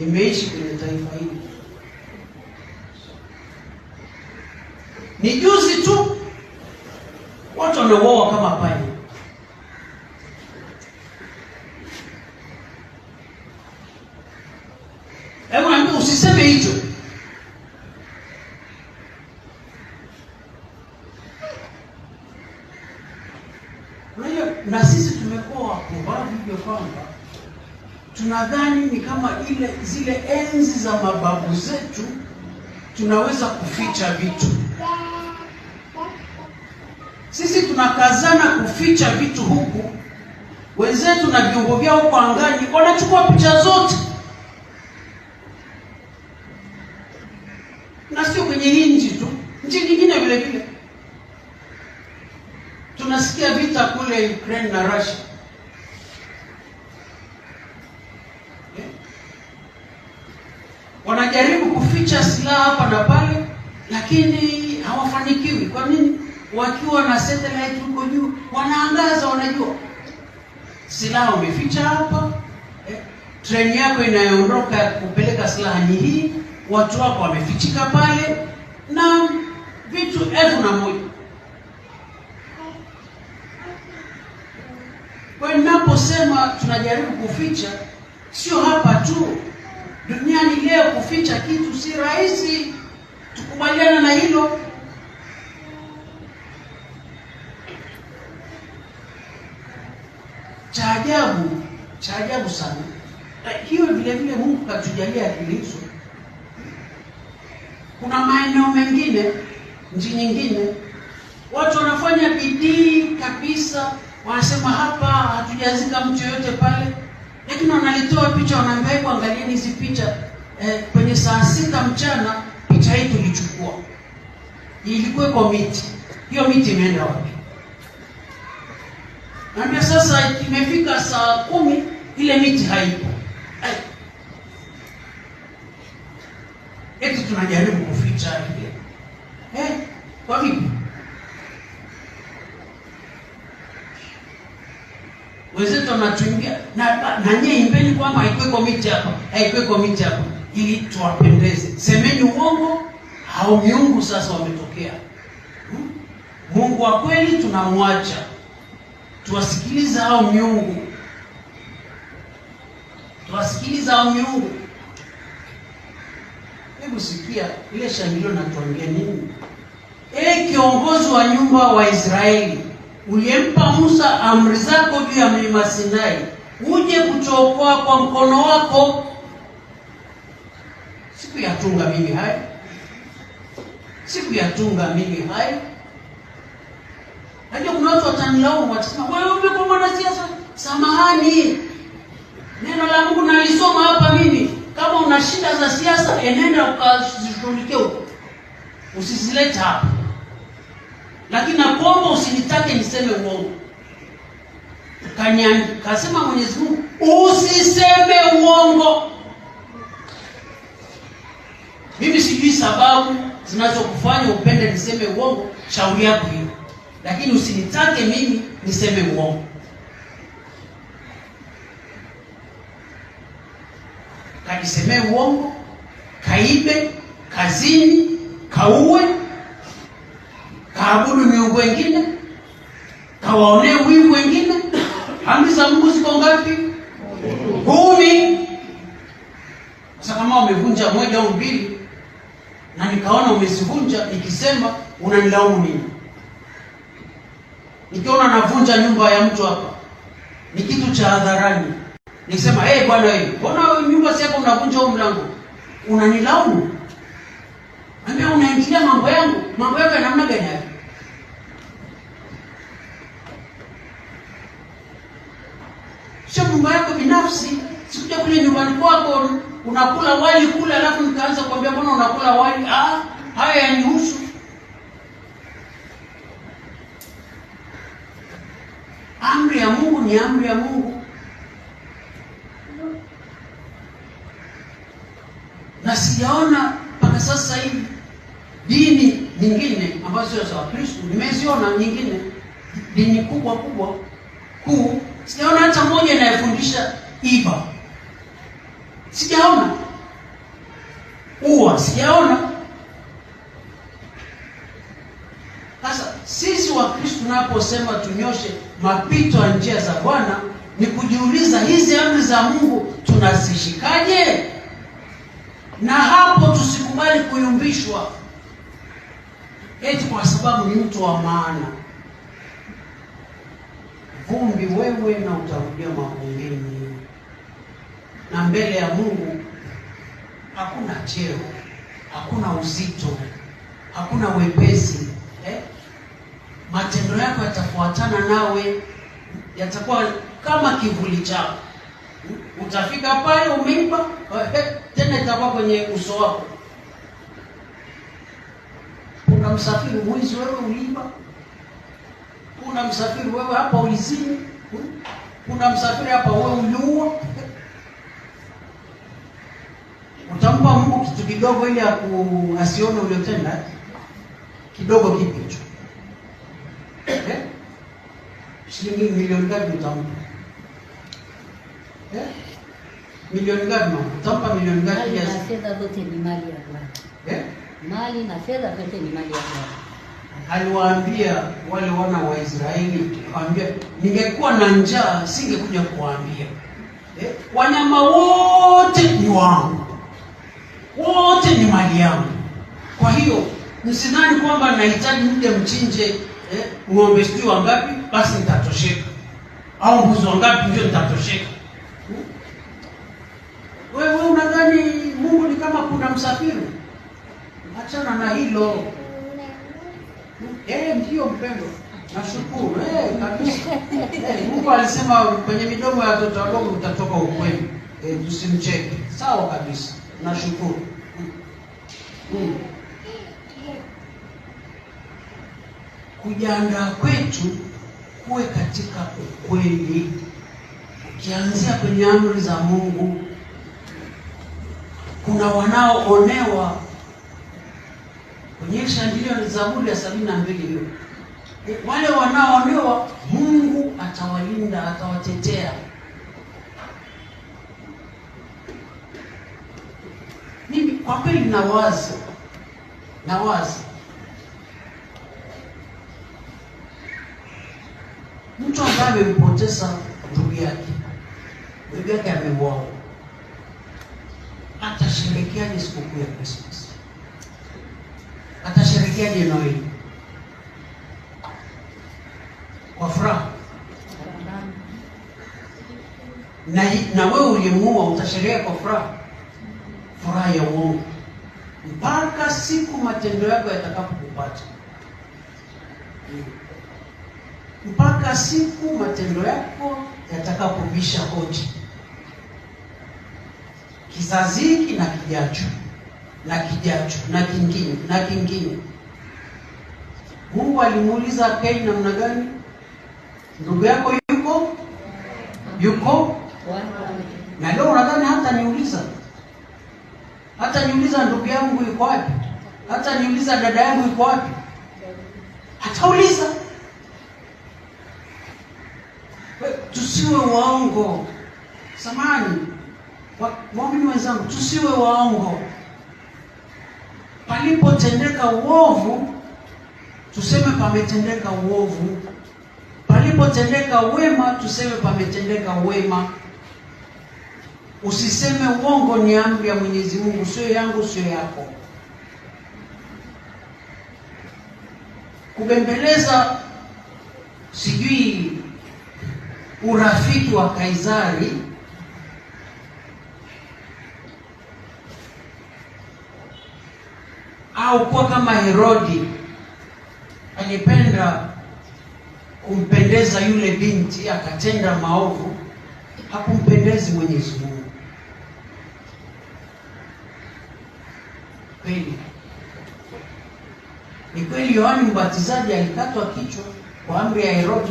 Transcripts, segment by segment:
Nimeishi kwenye taifa hili. Ni juzi tu watu wameuawa kama panya. tunadhani ni kama ile zile enzi za mababu zetu, tunaweza kuficha vitu. Sisi tunakazana kuficha vitu huku, wenzetu na viungo vyao kwa angani wanachukua picha zote, na sio kwenye hii nchi tu, nchi nyingine vile vile tunasikia vita kule Ukraine na Russia wanajaribu kuficha silaha hapa na pale, lakini hawafanikiwi. Kwa nini? Wakiwa na satellite huko juu wanaangaza, wanajua silaha umeficha hapa eh, treni yako inayoondoka kupeleka silaha ni hii, watu wako wamefichika pale na vitu elfu na moja. Kwa ninaposema tunajaribu kuficha, sio hapa tu duniani mwenyewe kuficha kitu si rahisi, tukubaliana na hilo. Cha ajabu cha ajabu sana eh, hiyo, vile vile Mungu katujalia hizo. Kuna maeneo mengine, nchi nyingine, watu wanafanya bidii kabisa, wanasema hapa hatujazika mtu yoyote pale, lakini wanalitoa picha, wanaambia, hebu angalieni hizi picha eh, kwenye saa sita mchana picha hii tulichukua, ilikuwa kwa miti hiyo. Miti imeenda wapi? Naambia sasa, imefika saa kumi, ile miti haipo. Eh. Eti tunajaribu kuficha ile eh, kwa vipi? Wenzetu wanatuimbia na, na nyie imbeni kwamba haikweko miti hapa, haikweko miti hapa ili tuwapendeze. Semeni uongo au miungu sasa wametokea. Hmm? Mungu wa kweli tunamwacha, tuwasikiliza au miungu, tuwasikiliza au miungu. Hebu sikia ile shangilio natuambia nini? E, kiongozi wa nyumba wa Israeli, uliyempa Musa amri zako juu ya mlima Sinai, uje kutokoa kwa mkono wako Sikuyatunga mimi hayo, sikuyatunga mimi hayo. Najua kuna watu watanilaumu, watasema wewe umekuwa mwanasiasa. Samahani, neno la Mungu nalisoma hapa mimi. Kama una shida za siasa, enenda ukazishughulikie huko, usizilete hapa, lakini nakuomba usinitake niseme uongo. Kanyani kasema Mwenyezi Mungu, usiseme uongo. Mimi sijui sababu zinazokufanya upende niseme uongo, shauri yako hiyo, lakini usinitake mimi niseme uongo. kajisemee uongo, kaibe, kazini, kauwe, kaabudu miungu wengine, kawaonee wivu wengine. Amri za Mungu ziko ngapi? Kumi. Sasa kama wamevunja moja au mbili na nikaona umezivunja, ikisema unanilaumu Nikiona navunja nyumba ya mtu hapa, ni kitu cha hadharani, nikisema hey, bwana wewe, mbona nyumba si unavunja huu mlango, unanilaumu ambia, unaingilia mambo yangu. Mambo yako ya namna gani haya? Sio mambo yako binafsi. Sikuja kule nyumbani kwako unakula wali kule, alafu nikaanza kuambia mbona unakula wali? Ah, haya yanihusu. Amri ya Mungu ni amri ya Mungu, na sijaona mpaka sasa hivi dini nyingine ambazo sio za wakristu nimeziona nyingine dini kubwa kubwa kuu, sijaona hata moja inayofundisha iba sijaona, huwa sijaona. Sasa sisi wa Kristo tunaposema tunyoshe mapito ya njia za Bwana ni kujiuliza hizi amri za Mungu tunazishikaje? Na hapo tusikubali kuyumbishwa eti kwa sababu ni mtu wa maana. Vumbi wewe na utarudia mavungini na mbele ya Mungu hakuna cheo, hakuna uzito, hakuna wepesi eh? Matendo yako yatafuatana nawe, yatakuwa kama kivuli chako. Utafika pale umeiba eh, tena, itakuwa kwenye uso wako. kuna msafiri mwizi wewe, uliiba. msafiri wewe hapa ulizini. msafiri hapa wewe uliua ukampa Mungu kitu kidogo ili asione uliotenda kidogo. Kipi hicho? Eh? Shilingi milioni ngapi utampa? Eh? Milioni ngapi mama? Utampa milioni ngapi kiasi? Na fedha zote ni mali ya Bwana. Eh? Mali na fedha zote ni mali ya Bwana. Aliwaambia wale wana wa Israeli, akawaambia ningekuwa na njaa singekuja kuwaambia. Eh? Wanyama wote ni wangu wote ni mali yangu. Kwa hiyo msidhani kwamba nahitaji mje mchinje eh, ng'ombe sijui wangapi, basi nitatosheka, au mbuzi wangapi ndio nitatosheka. Hmm? Wewe unadhani Mungu ni kama kuna msafiri? Achana na hilo. Eh, ndio mpendo, nashukuru eh, kabisa eh, Mungu alisema kwenye midomo ya watoto wadogo utatoka ukweli, eh, tusimcheke. Sawa kabisa. Nashukuru hmm. Kujiandaa kwetu kuwe katika ukweli, ukianzia kwenye amri za Mungu. Kuna wanaoonewa kwenye shandilio Zaburi ya sabini na mbili hiyo, wale wanaoonewa Mungu atawalinda, atawatetea Kwa kweli na wazo na mtu ambaye amempoteza ndugu yake, ndugu yake ameuawa, atasherekeaje sikukuu ya Christmas? Atasherekeaje Noeli? Kwa furaha na, na wewe ulimuua utasherekea kwa furaha ya uongo mpaka siku matendo yako yatakapokupata, mpaka siku matendo yako yatakapovisha hoja kizazi hiki na kijacho na kijacho na kingine na kingine. Mungu alimuuliza kei namna gani? Ndugu yako yuko yuko, na leo unadhani hata niuliza hata niuliza ndugu yangu yuko wapi, hata niuliza dada yangu yuko wapi, hatauliza. Tusiwe waongo samani, waamini wenzangu, tusiwe waongo. Palipotendeka uovu tuseme pametendeka uovu, palipotendeka wema tuseme pametendeka wema. Usiseme uongo, ni amri ya Mwenyezi Mungu, sio yangu, sio yako. Kubembeleza sijui urafiki wa Kaisari au kuwa kama Herodi alipenda kumpendeza yule binti akatenda maovu, hakumpendezi Mwenyezi Mungu. kweli. Ni kweli Yohani Mbatizaji alikatwa kichwa kwa amri ya herodi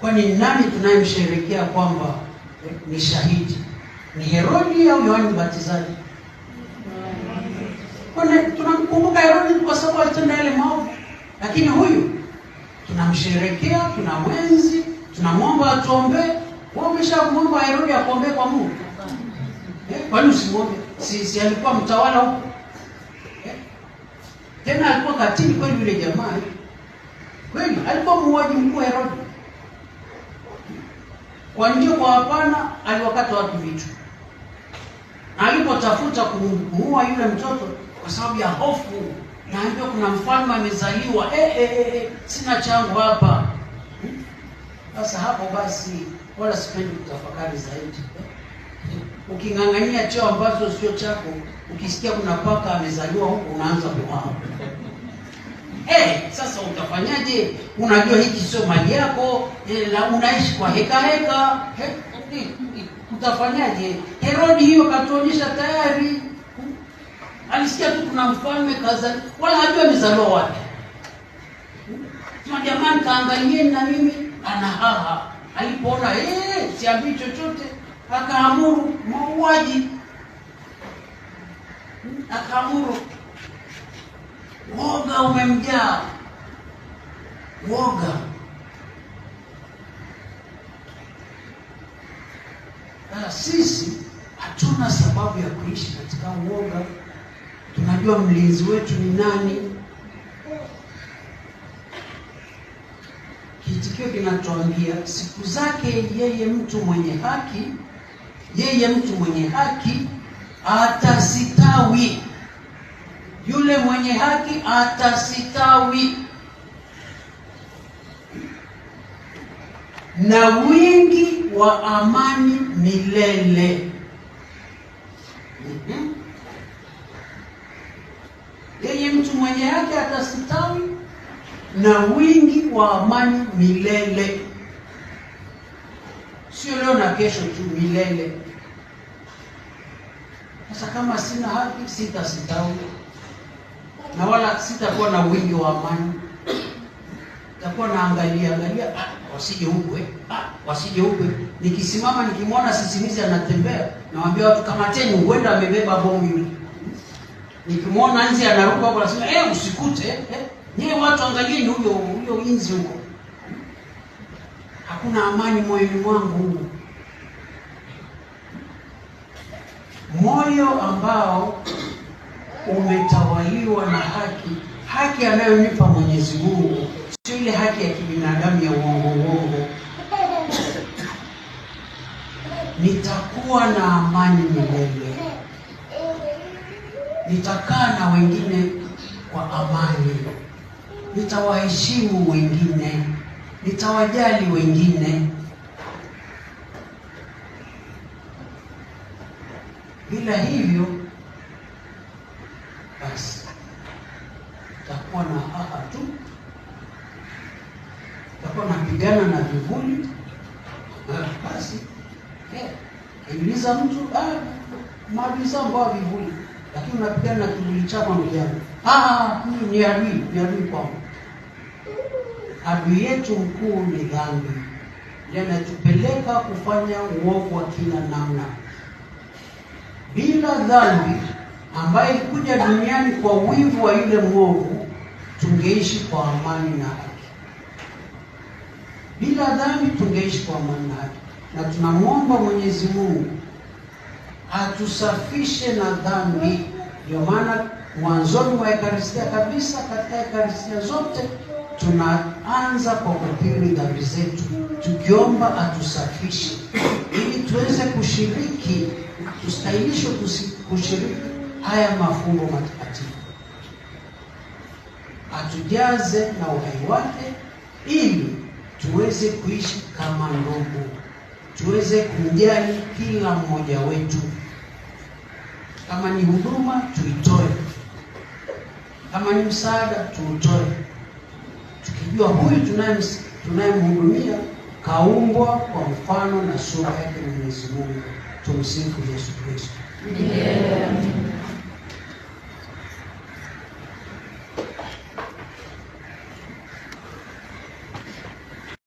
Kwani nani tunayemsherekea kwamba eh, ni shahidi? Ni Herodi au Yohani Mbatizaji? Tunamkumbuka Herodi kwa sababu alitenda yale maovu, lakini huyu tunamsherekea, mwenzi tunamwomba atuombee. Wewe umeshamwomba Herodi akuombee kwa Mungu? Eh, kwani usimwombe? Si, si alikuwa mtawala huko tena alikuwa katili kweli yule jamaa. Eh? Kweli alikuwa muuaji mkuu Herodi. Kwa ndio kwa hapana aliwakata watu vitu. Alipotafuta kumuua yule mtoto kwa sababu ya hofu, naambiwa kuna mfalme amezaliwa. Eh, eh, eh, eh sina changu hapa. Hmm? Sasa hapo basi wala sipendi kutafakari zaidi. Eh? uking'ang'ania chao ambacho sio chako, ukisikia kuna paka amezaliwa huko, unaanza kuhama. Hey, eh, sasa utafanyaje? Unajua hiki sio mali yako na eh, unaishi kwa heka heka. Hey, eh, utafanyaje? Herodi hiyo katuonyesha tayari, alisikia tu kuna mfalme kaza, wala hajua amezaliwa wapi. Jamani, kaangalieni na mimi anahaha alipoona, hey, siambii chochote akaamuru mauaji, akaamuru. Woga umemjaa, woga. Na sisi hatuna sababu ya kuishi katika uoga. Tunajua mlinzi wetu ni nani. Kiitikio kinachoambia siku zake yeye mtu mwenye haki yeye mtu mwenye haki atasitawi, yule mwenye haki atasitawi na wingi wa amani milele. Mm-hmm. Yeye mtu mwenye haki atasitawi na wingi wa amani milele sio leo na kesho tu, milele. Sasa kama sina haki, sitastawi na wala sitakuwa na wingi wa amani. Nitakuwa naangalia angalia, ah, wasije huku eh, ah, wasije huku. Nikisimama nikimwona sisimizi anatembea, nawaambia watu kamateni, huenda amebeba bomu yule. Nikimwona nzi anaruka hapo, nasema eh, usikute eh, eh. nyewe watu angalieni huyo huyo inzi huko hakuna amani moyoni mwangu. Moyo ambao umetawaliwa na haki, haki anayonipa Mwenyezi Mungu, sio ile haki ya kibinadamu ya uongo uongo. Nitakuwa na amani milele, nitakaa na wengine kwa amani, nitawaheshimu wengine nitawajali wengine bila hivyo basi takuwa na haha tu, takuwa napigana na vivuli. Basi akiuliza eh, mtu ah, zangu mbao vivuli, lakini unapigana na kivuli chama mjana, ah, huyu ni adui, ni adui kwangu adui yetu mkuu ni dhambi, yanatupeleka kufanya uovu wa kila namna. Bila dhambi ambaye ikuja duniani kwa wivu wa yule mwovu, tungeishi kwa amani na haki. Bila dhambi tungeishi kwa amani na haki, na tunamwomba Mwenyezi Mungu atusafishe na dhambi. Ndio maana mwanzoni mwa Ekaristia kabisa, katika Ekaristia zote tunaanza kwa kupiri dhambi zetu tukiomba atusafishe ili tuweze kushiriki tustahilishwe kushiriki haya mafungo matakatifu, atujaze na uhai wake ili tuweze kuishi kama ndugu, tuweze kumjali kila mmoja wetu. Kama ni huduma tuitoe, kama ni msaada tuutoe tukijua huyu tunayemhudumia kaumbwa kwa mfano na sura yake Mwenyezi Mungu. Tumsifu Yesu Kristo. Yeah.